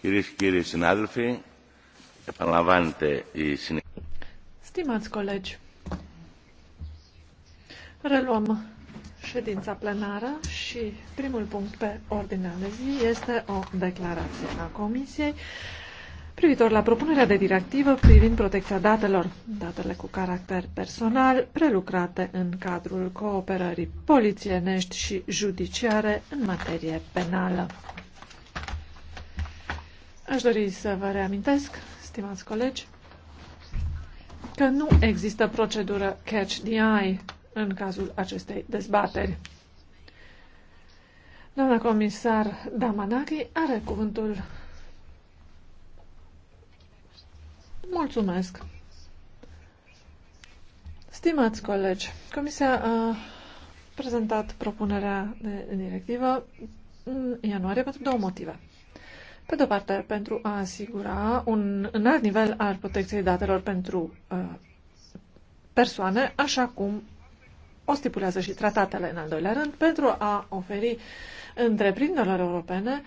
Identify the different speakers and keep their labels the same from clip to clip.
Speaker 1: Κυρίες και κύριοι συνάδελφοι, επαναλαμβάνεται η
Speaker 2: Stimați colegi, reluăm ședința plenară și primul punct pe ordinea de zi este o declarație a Comisiei privitor la propunerea de directivă privind protecția datelor, datele cu caracter personal, prelucrate în cadrul cooperării polițienești și judiciare în materie penală. Aș dori să vă reamintesc, stimați colegi, că nu există procedură catch the eye în cazul acestei dezbateri. Doamna comisar Damanaki are cuvântul. Mulțumesc. Stimați colegi, Comisia a prezentat propunerea de directivă în ianuarie pentru două motive. Pe de-o parte, pentru a asigura un înalt nivel al protecției datelor pentru uh, persoane, așa cum o stipulează și tratatele în al doilea rând, pentru a oferi întreprinderilor europene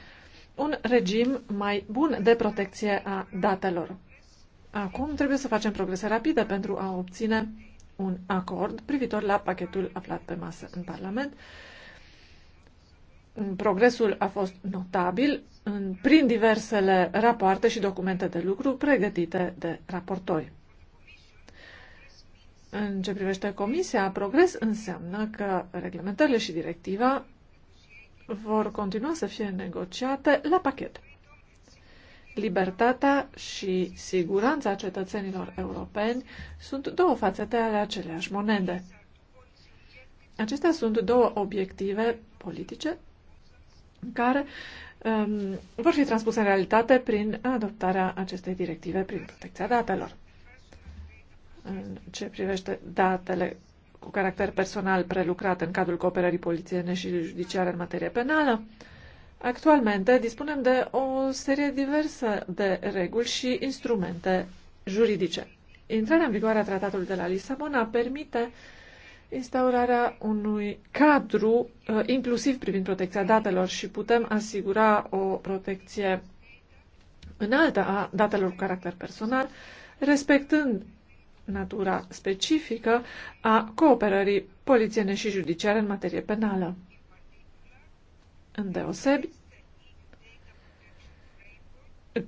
Speaker 2: un regim mai bun de protecție a datelor. Acum trebuie să facem progrese rapide pentru a obține un acord privitor la pachetul aflat pe masă în Parlament, uh, progresul a fost notabil în, prin diversele rapoarte și documente de lucru pregătite de raportori. În ce privește Comisia, progres înseamnă că reglementările și directiva vor continua să fie negociate la pachet. Libertatea și siguranța cetățenilor europeni sunt două fațete ale aceleași monede. Acestea sunt două obiective politice care um, vor fi transpuse în realitate prin adoptarea acestei directive prin protecția datelor. În ce privește datele cu caracter personal prelucrate în cadrul cooperării polițiene și judiciare în materie penală, actualmente dispunem de o serie diversă de reguli și instrumente juridice. Intrarea în vigoare a tratatului de la Lisabona permite uh, instaurarea unui cadru uh, inclusiv privind protecția datelor și putem asigura o protecție înaltă a datelor cu caracter personal, respectând natura specifică a cooperării polițiene și judiciare în materie penală. Îndeosebi,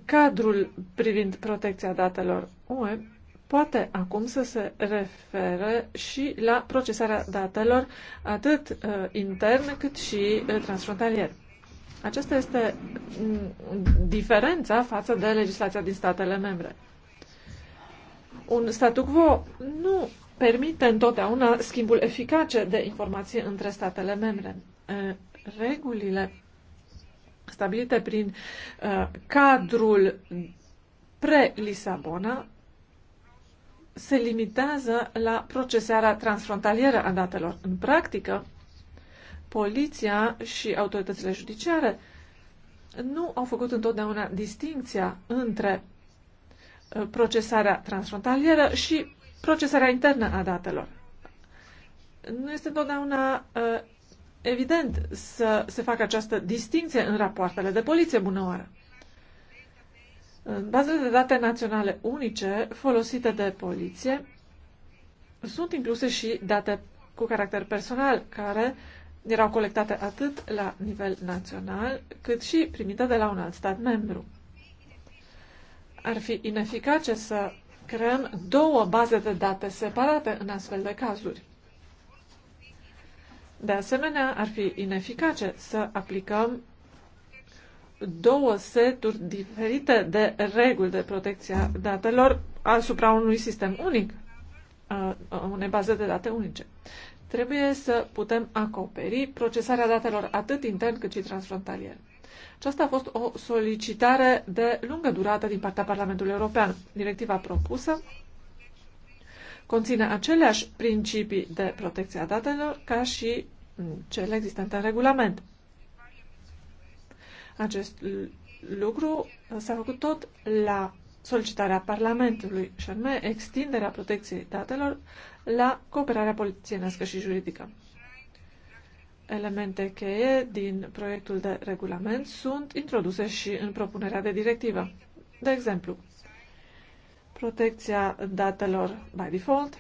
Speaker 2: cadrul privind protecția datelor UE poate acum să se refere și la procesarea datelor atât uh, interne cât și uh, transfrontalier. Aceasta este mm, diferența față de legislația din statele membre. Un statu quo nu permite întotdeauna schimbul eficace de informații între statele membre. Uh, regulile stabilite prin uh, cadrul pre-Lisabona se limitează la procesarea transfrontalieră a datelor. În practică, poliția și autoritățile judiciare nu au făcut întotdeauna distinția între uh, procesarea transfrontalieră și procesarea internă a datelor. Nu este întotdeauna uh, evident să se facă această distinție în rapoartele de poliție bună oară. Bazele de date naționale unice folosite de poliție sunt incluse și date cu caracter personal, care erau colectate atât la nivel național, cât și primite de la un alt stat membru. Ar fi ineficace să creăm două baze de date separate în astfel de cazuri. De asemenea, ar fi ineficace să aplicăm două seturi diferite de reguli de protecție a datelor asupra unui sistem unic, unei baze de date unice. Trebuie să putem acoperi procesarea datelor atât intern cât și transfrontalier. Aceasta a fost o solicitare de lungă durată din partea Parlamentului European. Directiva propusă conține aceleași principii de protecție a datelor ca și cele existente în regulament. Acest lucru s-a făcut tot la solicitarea Parlamentului și anume extinderea protecției datelor la cooperarea polițienească și juridică. Elemente cheie din proiectul de regulament sunt introduse și în propunerea de directivă. De exemplu, protecția datelor by default,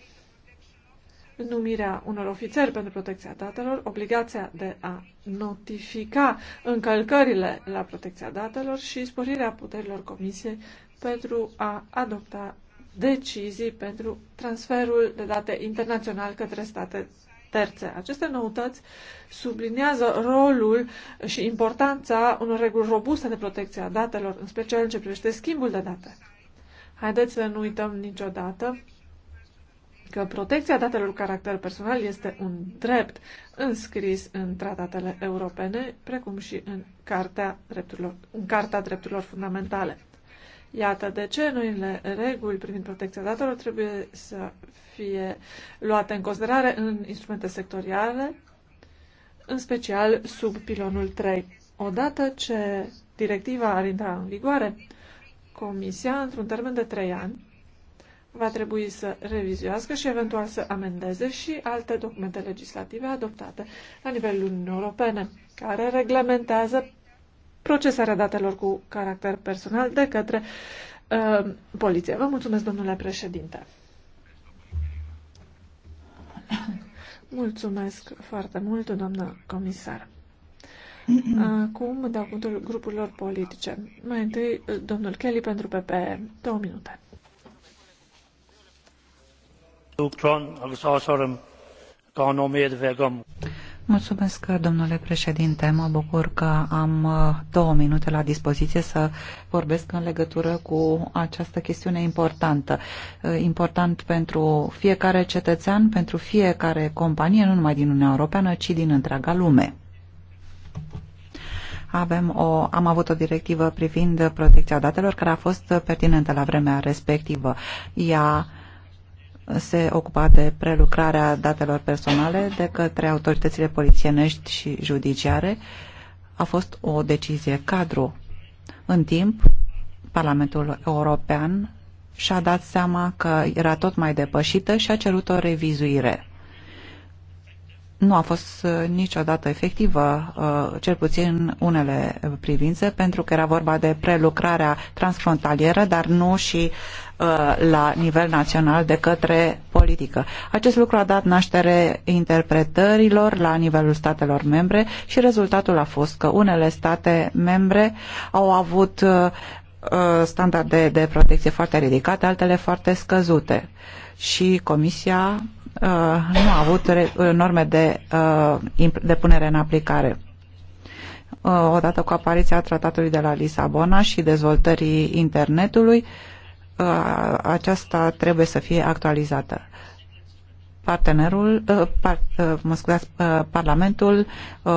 Speaker 2: numirea unor ofițeri pentru protecția datelor, obligația de a notifica încălcările la protecția datelor și sporirea puterilor comisiei pentru a adopta decizii pentru transferul de date internațional către state terțe. Aceste noutăți subliniază rolul și importanța unor reguli robuste de protecție a datelor, în special în ce privește schimbul de date. Haideți să nu uităm niciodată că protecția datelor cu caracter personal este un drept înscris în tratatele europene, precum și în Cartea Drepturilor, în Carta Drepturilor Fundamentale. Iată de ce noile reguli privind protecția datelor trebuie să fie luate în considerare în instrumente sectoriale, în special sub pilonul 3. Odată ce directiva ar intra în vigoare, Comisia, într-un termen de 3 ani, va trebui să revizuiască și eventual să amendeze și alte documente legislative adoptate la nivelul Uniunii Europene, care reglementează procesarea datelor cu caracter personal de către uh, poliție. Vă mulțumesc, domnule președinte. Mulțumesc foarte mult, doamnă comisar. Acum dau cuvântul grupurilor politice. Mai întâi, domnul Kelly
Speaker 3: pentru PPE, Două minute domnule președinte. Mă bucur că am uh, două minute la dispoziție să vorbesc în legătură cu această chestiune importantă. Uh, important pentru fiecare cetățean, pentru fiecare companie, nu numai din Uniunea Europeană, ci din întreaga lume. Avem o, am avut o directivă privind protecția datelor care a fost pertinentă la vremea respectivă. Ea se ocupa de prelucrarea datelor personale de către autoritățile polițienești și judiciare. A fost o decizie cadru. În timp, Parlamentul European și-a dat seama că era tot mai depășită și a cerut o revizuire nu a fost uh, niciodată efectivă, uh, cel puțin în unele uh, privințe, pentru că era vorba de prelucrarea transfrontalieră, dar nu și la nivel național de către politică. Acest lucru a dat naștere interpretărilor la nivelul statelor membre și rezultatul a fost că unele state membre au avut standarde de protecție foarte ridicate, altele foarte scăzute. Și Comisia Uh, nu a avut uh, norme de, uh, de punere în aplicare. Odată cu apariția tratatului de la Lisabona și dezvoltării internetului, aceasta trebuie să fie actualizată. Partenerul, par, mă scuzați, Parlamentul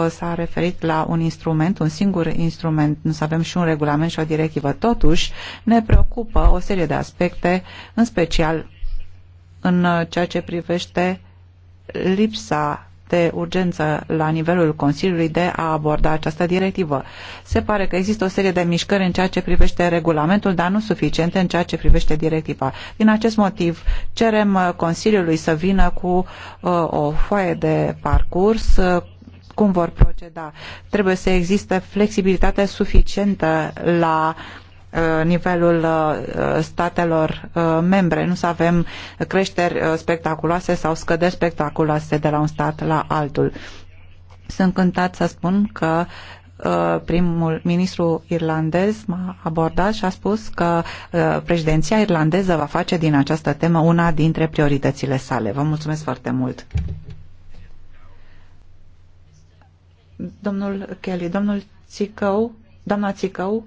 Speaker 3: s-a referit la un instrument, un singur instrument, nu să avem și un regulament și o directivă. Totuși, ne preocupă o serie de aspecte, în special în uh, ceea ce privește lipsa de urgență la nivelul Consiliului de a aborda această directivă. Se pare că există o serie de mișcări în ceea ce privește regulamentul, dar nu suficiente în ceea ce privește directiva. Din acest motiv, cerem uh, Consiliului să vină cu uh, o foaie de parcurs uh, cum vor proceda. Trebuie să existe flexibilitate suficientă la uh, Uh, nivelul uh, uh, statelor membre, nu să avem creșteri spectaculoase sau scăderi spectaculoase de la un stat la altul. Sunt cântat să spun că primul ministru irlandez m-a abordat și a spus că președinția irlandeză va face din această temă una dintre prioritățile sale. Vă mulțumesc foarte mult! Domnul Kelly, domnul Țicău, doamna Țicău,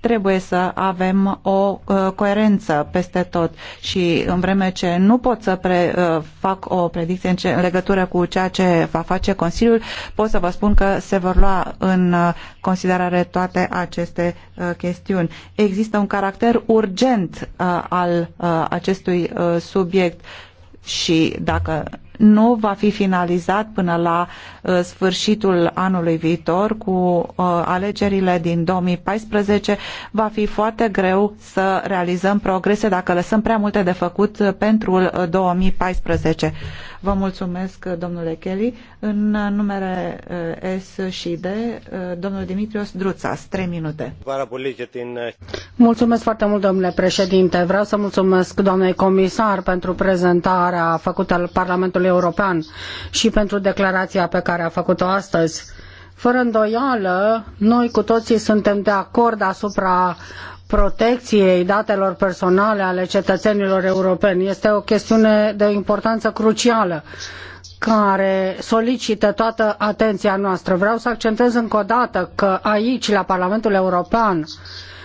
Speaker 3: Trebuie să avem o uh, coerență peste tot și în vreme ce nu pot să pre, uh, fac o predicție în, ce, în legătură cu ceea ce va face Consiliul, pot să vă spun că se vor lua în uh, considerare toate aceste chestiuni. Există un caracter urgent al acestui subiect și dacă nu va fi finalizat până la uh, sfârșitul anului viitor cu uh, alegerile din 2014. Va fi foarte greu să realizăm progrese dacă lăsăm prea multe de făcut uh, pentru 2014. Vă mulțumesc, domnule Kelly. În numere S și D, domnul Dimitrios Druțas, 3 minute.
Speaker 1: Mulțumesc foarte mult, domnule președinte. Vreau să mulțumesc doamnei comisar pentru prezentarea făcută al Parlamentului European și pentru declarația pe care a făcut-o astăzi. Fără îndoială, noi cu toții suntem de acord asupra protecției datelor personale ale cetățenilor europeni. Este o chestiune de importanță crucială care solicită toată atenția noastră. Vreau să accentez încă o dată că aici, la Parlamentul European,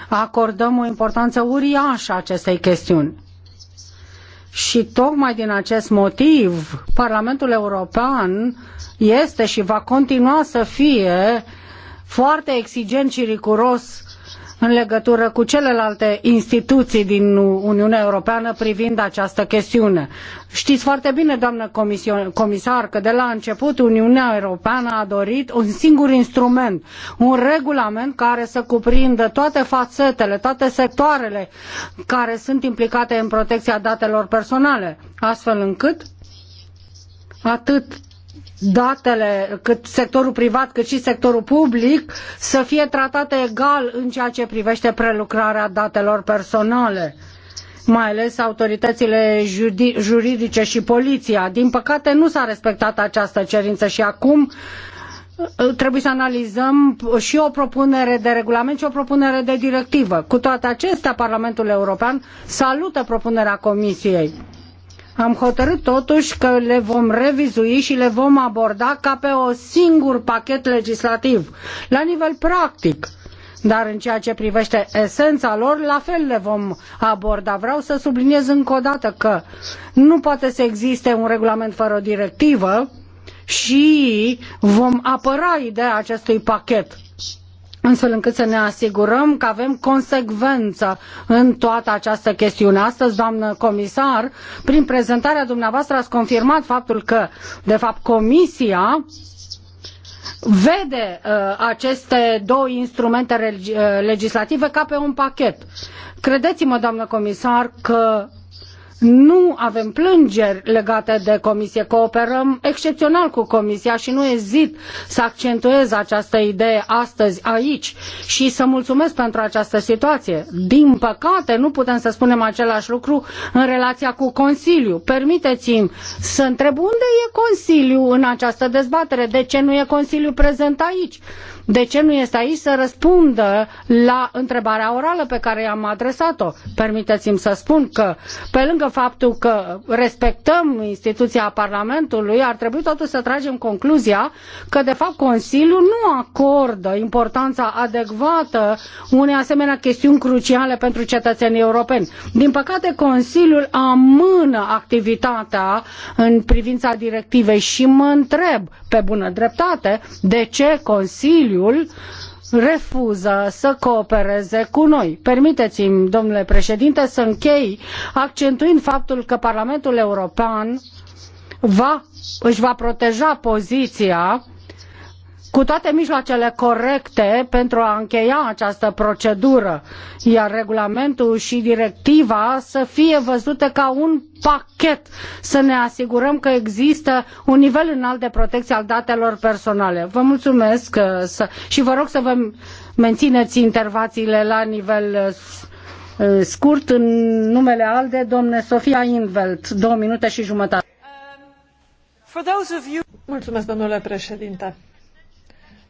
Speaker 1: acordăm o importanță uriașă acestei chestiuni. Și tocmai din acest motiv, Parlamentul European este și va continua să fie foarte exigent și riguros în legătură cu celelalte instituții din Uniunea Europeană privind această chestiune. Știți foarte bine, doamnă comisar, că de la început Uniunea Europeană a dorit un singur instrument, un regulament care să cuprindă toate fațetele, toate sectoarele care sunt implicate în protecția datelor personale, astfel încât atât datele, cât sectorul privat, cât și sectorul public, să fie tratate egal în ceea ce privește prelucrarea datelor personale mai ales autoritățile juridice și poliția. Din păcate nu s-a respectat această cerință și acum uh, trebuie să analizăm și o propunere de regulament și o propunere de directivă. Cu toate acestea, Parlamentul European salută propunerea Comisiei am hotărât totuși că le vom revizui și le vom aborda ca pe un singur pachet legislativ, la nivel practic. Dar în ceea ce privește esența lor, la fel le vom aborda. Vreau să subliniez încă o dată că nu poate să existe un regulament fără o directivă și vom apăra ideea acestui pachet astfel încât să ne asigurăm că avem consecvență în toată această chestiune. Astăzi, doamnă comisar, prin prezentarea dumneavoastră ați confirmat faptul că, de fapt, Comisia vede uh, aceste două instrumente uh, legislative ca pe un pachet. Credeți-mă, doamnă comisar, că nu avem plângeri legate de comisie, cooperăm excepțional cu comisia și nu ezit să accentuez această idee astăzi aici și să mulțumesc pentru această situație. Din păcate, nu putem să spunem același lucru în relația cu Consiliu. Permiteți-mi să întreb unde e Consiliu în această dezbatere, de ce nu e Consiliu prezent aici? de ce nu este aici să răspundă la întrebarea orală pe care i-am adresat-o. Permiteți-mi să spun că pe lângă lângă faptul că respectăm instituția Parlamentului, ar trebui totuși să tragem concluzia că, de fapt, Consiliul nu acordă importanța adecvată unei asemenea chestiuni cruciale pentru cetățenii europeni. Din păcate, Consiliul amână activitatea în privința directivei și mă întreb, pe bună dreptate, de ce Consiliul uh, refuză să coopereze cu noi. Permiteți-mi, domnule președinte, să închei accentuind faptul că Parlamentul European va, își va proteja poziția cu toate mijloacele corecte pentru a încheia această procedură, iar regulamentul și directiva să fie văzute ca un pachet, să ne asigurăm că există un nivel înalt de protecție al datelor personale. Vă mulțumesc uh, și vă rog să vă mențineți intervațiile la nivel uh, uh, scurt în numele ALDE, domne Sofia Invelt, două minute și jumătate.
Speaker 2: Um, mulțumesc, domnule președinte.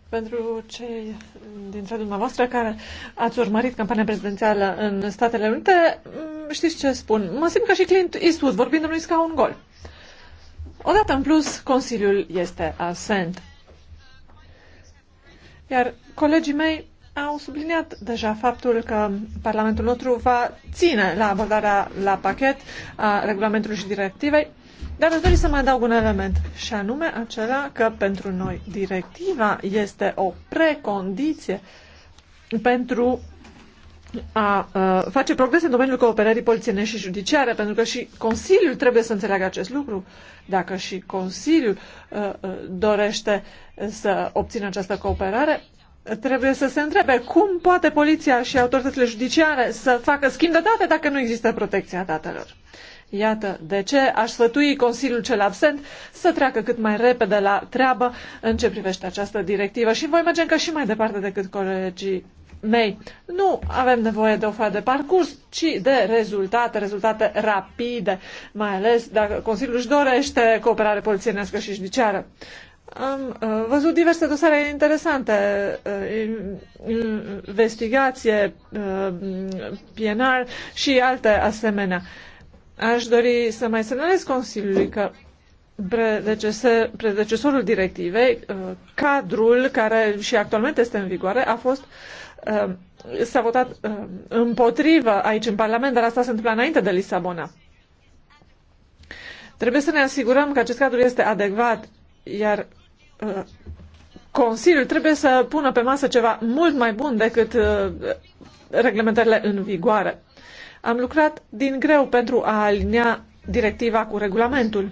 Speaker 2: Pentru cei dintre dumneavoastră care ați urmărit campania prezidențială în Statele Unite, mm, știți ce spun. Mă simt ca și Clint Eastwood vorbind ca un gol. Odată în plus, Consiliul este absent. Iar colegii mei au subliniat deja faptul că Parlamentul nostru va ține la abordarea la pachet a regulamentului și directivei dar aș dori să mai adaug un element, și anume acela că pentru noi directiva este o precondiție pentru a uh, face progres în domeniul cooperării polițienești și judiciare, pentru că și Consiliul trebuie să înțeleagă acest lucru. Dacă și Consiliul uh, uh, dorește să obțină această cooperare, trebuie să se întrebe cum poate poliția și autoritățile judiciare să facă schimb de date dacă nu există protecția datelor. Uh, Iată de ce aș sfătui Consiliul cel absent să treacă cât mai repede la treabă în ce privește această directivă și voi merge încă și mai departe decât colegii mei. Nu avem nevoie de o foaie de parcurs, ci de rezultate, rezultate rapide, mai ales dacă Consiliul își dorește cooperare polițienească și judiciară. Am uh, văzut diverse dosare interesante, uh, investigație, uh, mm, PNR și alte asemenea. Aș dori să mai semnalez Consiliului că predecesorul directivei, uh, cadrul care și actualmente este în vigoare, a fost uh, s-a votat uh, împotrivă aici în Parlament, dar asta se întâmplă înainte de Lisabona. Trebuie să ne asigurăm că acest cadru este adecvat, iar Consiliul trebuie să pună pe masă ceva mult mai bun decât reglementările în vigoare. Am lucrat din greu pentru a alinia directiva cu regulamentul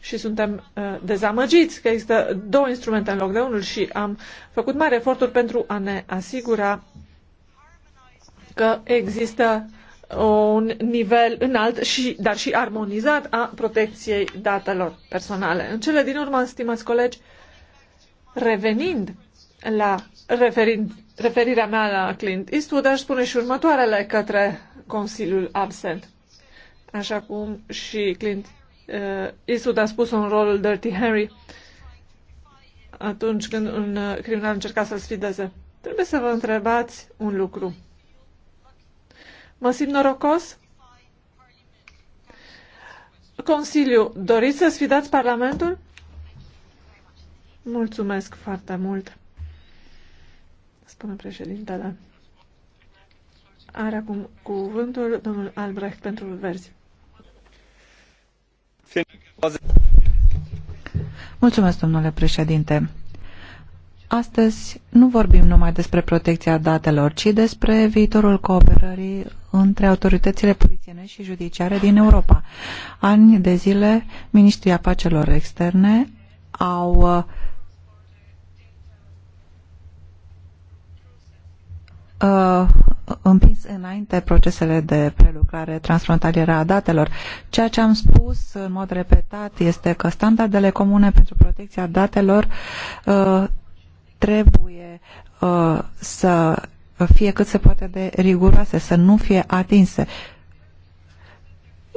Speaker 2: și suntem uh, dezamăgiți că există două instrumente în loc de unul și am făcut mari eforturi pentru a ne asigura că există un nivel înalt, și, dar și armonizat a protecției datelor personale. În cele din urmă, stimați colegi, revenind la referind, referirea mea la Clint Eastwood, aș spune și următoarele către Consiliul absent. Așa cum și Clint uh, Eastwood a spus în rolul Dirty Harry atunci când un uh, criminal încerca să sfideze. Trebuie să vă întrebați un lucru. Mă simt norocos? Consiliu, doriți să sfidați Parlamentul? Mulțumesc foarte mult, spune președintele. Are acum cuvântul domnul Albrecht pentru verzi.
Speaker 3: Mulțumesc, domnule președinte. Astăzi nu vorbim numai despre protecția datelor, ci despre viitorul cooperării între autoritățile polițiene și judiciare din Europa. Ani de zile, ministrii afacerilor externe au uh, împins înainte procesele de prelucrare transfrontalieră a datelor. Ceea ce am spus în mod repetat este că standardele comune pentru protecția datelor uh, trebuie uh, să fie cât se poate de riguroase, să nu fie atinse. Uh,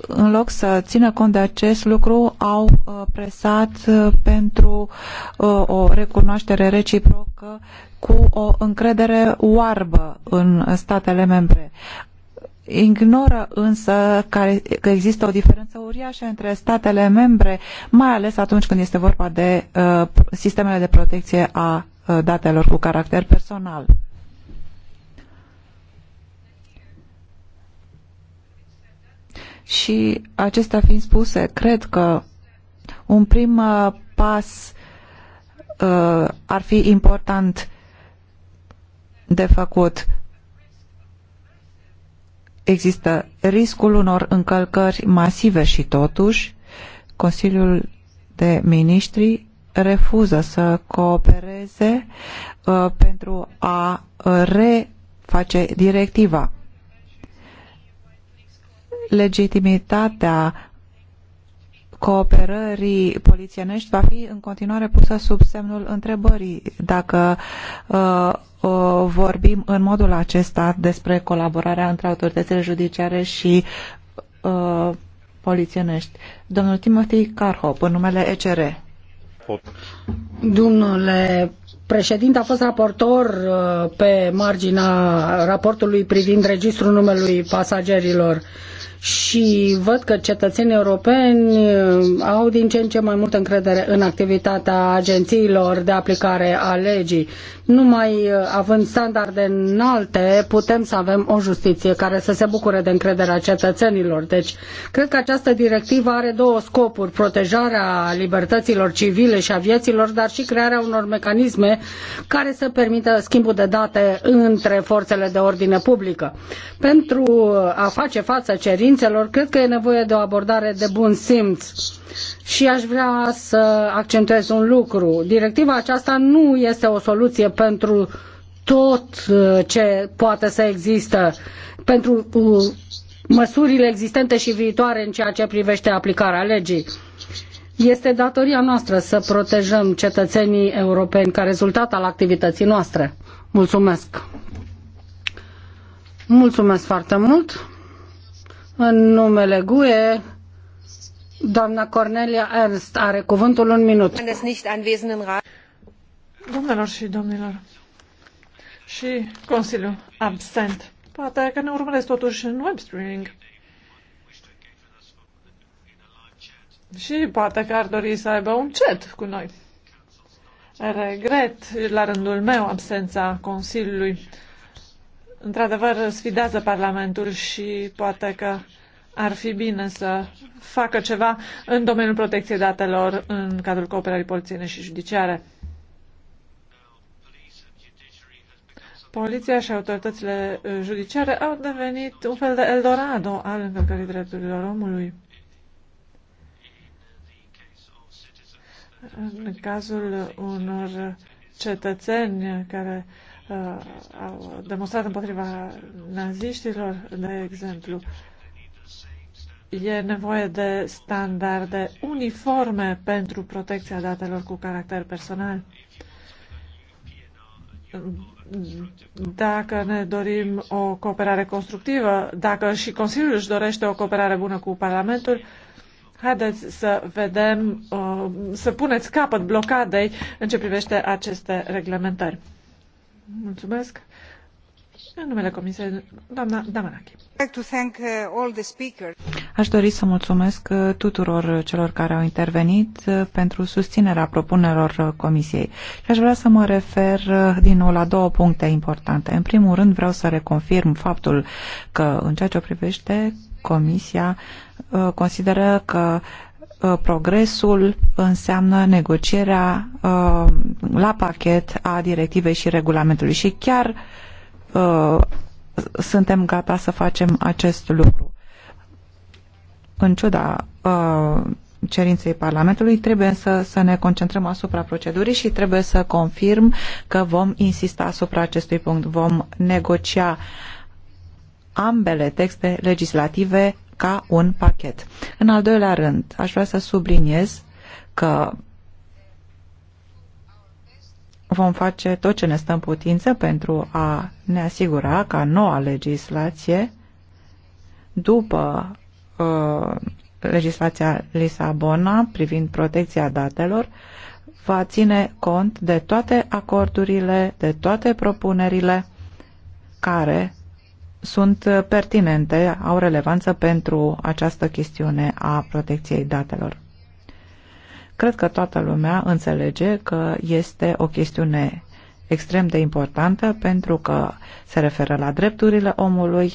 Speaker 3: în loc să țină cont de acest lucru, au uh, presat uh, pentru uh, o recunoaștere reciprocă cu o încredere oarbă în statele membre. Ignoră însă că există o diferență uriașă între statele membre, mai ales atunci când este vorba de sistemele de protecție a datelor cu caracter personal. Și acestea fiind spuse, cred că un prim uh, pas uh, ar fi important de făcut. Există riscul unor încălcări masive și totuși Consiliul de Ministri refuză să coopereze uh, pentru a reface directiva legitimitatea cooperării polițienești va fi în continuare pusă sub semnul întrebării dacă uh, uh, vorbim în modul acesta despre colaborarea între autoritățile judiciare și uh, polițienești. Domnul Timothy Carhop,
Speaker 1: în numele ECR. Domnule președinte, a fost raportor uh, pe marginea raportului privind registrul numelui pasagerilor. Uh, și văd că cetățenii europeni uh, au din ce în ce mai multă încredere în activitatea agențiilor de aplicare a legii. Numai uh, având standarde înalte, putem să avem o justiție care să se bucure de încrederea cetățenilor. Deci, cred că această directivă are două scopuri, protejarea libertăților civile și a vieților, dar și crearea unor mecanisme care să permită schimbul de date între forțele de ordine publică. Pentru uh, a face față cerințelor, consecințelor, cred că e nevoie de o abordare de bun simț. Și aș vrea să accentuez un lucru. Directiva aceasta nu este o soluție pentru tot uh, ce poate să existe, pentru uh, măsurile existente și viitoare în ceea ce privește aplicarea legii. Este datoria noastră să protejăm cetățenii europeni ca rezultat al activității noastre. Mulțumesc! Mulțumesc foarte mult! În numele GUE, doamna Cornelia Ernst are cuvântul un minut. Domnilor și domnilor,
Speaker 2: și Consiliul absent.
Speaker 1: Poate că ne urmăresc
Speaker 2: totuși în web streaming. Și poate că ar dori să aibă un chat cu noi. Regret la rândul meu absența Consiliului într-adevăr sfidează Parlamentul și poate că ar fi bine să facă ceva în domeniul protecției datelor în cadrul cooperării polițiene și judiciare. Poliția și autoritățile judiciare au devenit un fel de Eldorado al încălcării drepturilor omului. În cazul unor cetățeni care uh, uh, au demonstrat împotriva naziștilor, de exemplu. E nevoie de standarde uniforme pentru protecția datelor cu caracter personal. Dacă ne dorim o cooperare constructivă, dacă și Consiliul își dorește o cooperare bună cu Parlamentul, haideți să vedem, uh, să puneți capăt blocadei în ce privește aceste reglementări. Mulțumesc. În numele Comisiei, doamna Damanachi.
Speaker 3: Uh, aș dori să mulțumesc uh, tuturor celor care au intervenit uh, pentru susținerea propunerilor Comisiei. Și aș vrea să mă refer din nou la două puncte importante. În primul rând vreau să reconfirm faptul că în ceea ce o privește Comisia consideră că Uh, progresul înseamnă negocierea uh, la pachet a directivei și regulamentului și chiar uh, suntem gata să facem acest lucru. În ciuda cerinței Parlamentului, trebuie să, să ne concentrăm asupra procedurii și trebuie să confirm că vom insista asupra acestui punct. Vom negocia ambele texte legislative ca un pachet. În al doilea rând, aș vrea să subliniez că vom face tot ce ne stă în putință pentru a ne asigura ca noua legislație, după uh, legislația Lisabona privind protecția datelor, va ține cont de toate acordurile, de toate propunerile care sunt uh, pertinente, au relevanță pentru această chestiune a protecției datelor. Cred că toată lumea înțelege că este o chestiune extrem de importantă pentru că se referă la drepturile omului,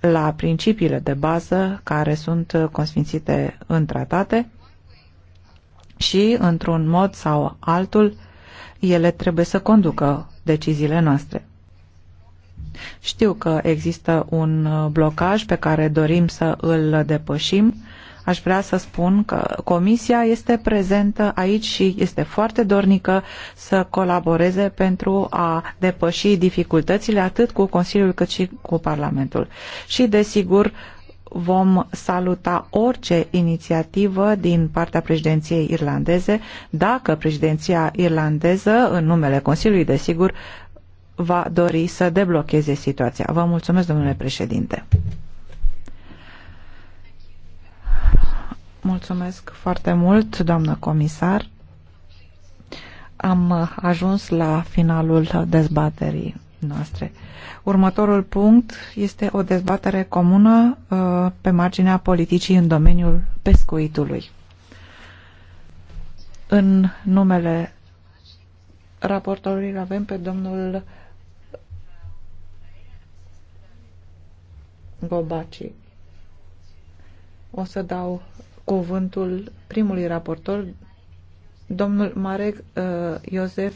Speaker 3: la principiile de bază care sunt uh, consfințite în tratate și, într-un mod sau altul, ele trebuie să conducă deciziile noastre. Știu că există un uh, blocaj pe care dorim să îl depășim. Aș vrea să spun că Comisia este prezentă aici și este foarte dornică să colaboreze pentru a depăși dificultățile atât cu Consiliul cât și cu Parlamentul. Și, desigur, vom saluta orice inițiativă din partea președinției irlandeze, dacă președinția irlandeză, în numele Consiliului, desigur, va dori să deblocheze situația. Vă mulțumesc, domnule președinte. Mulțumesc foarte mult, doamnă comisar. Am ajuns la finalul dezbaterii noastre. Următorul punct este o dezbatere comună uh, pe marginea politicii în domeniul pescuitului. În numele raportorului avem pe domnul Gobaci. O să dau cuvântul primului raportor, domnul Marek uh, Iosef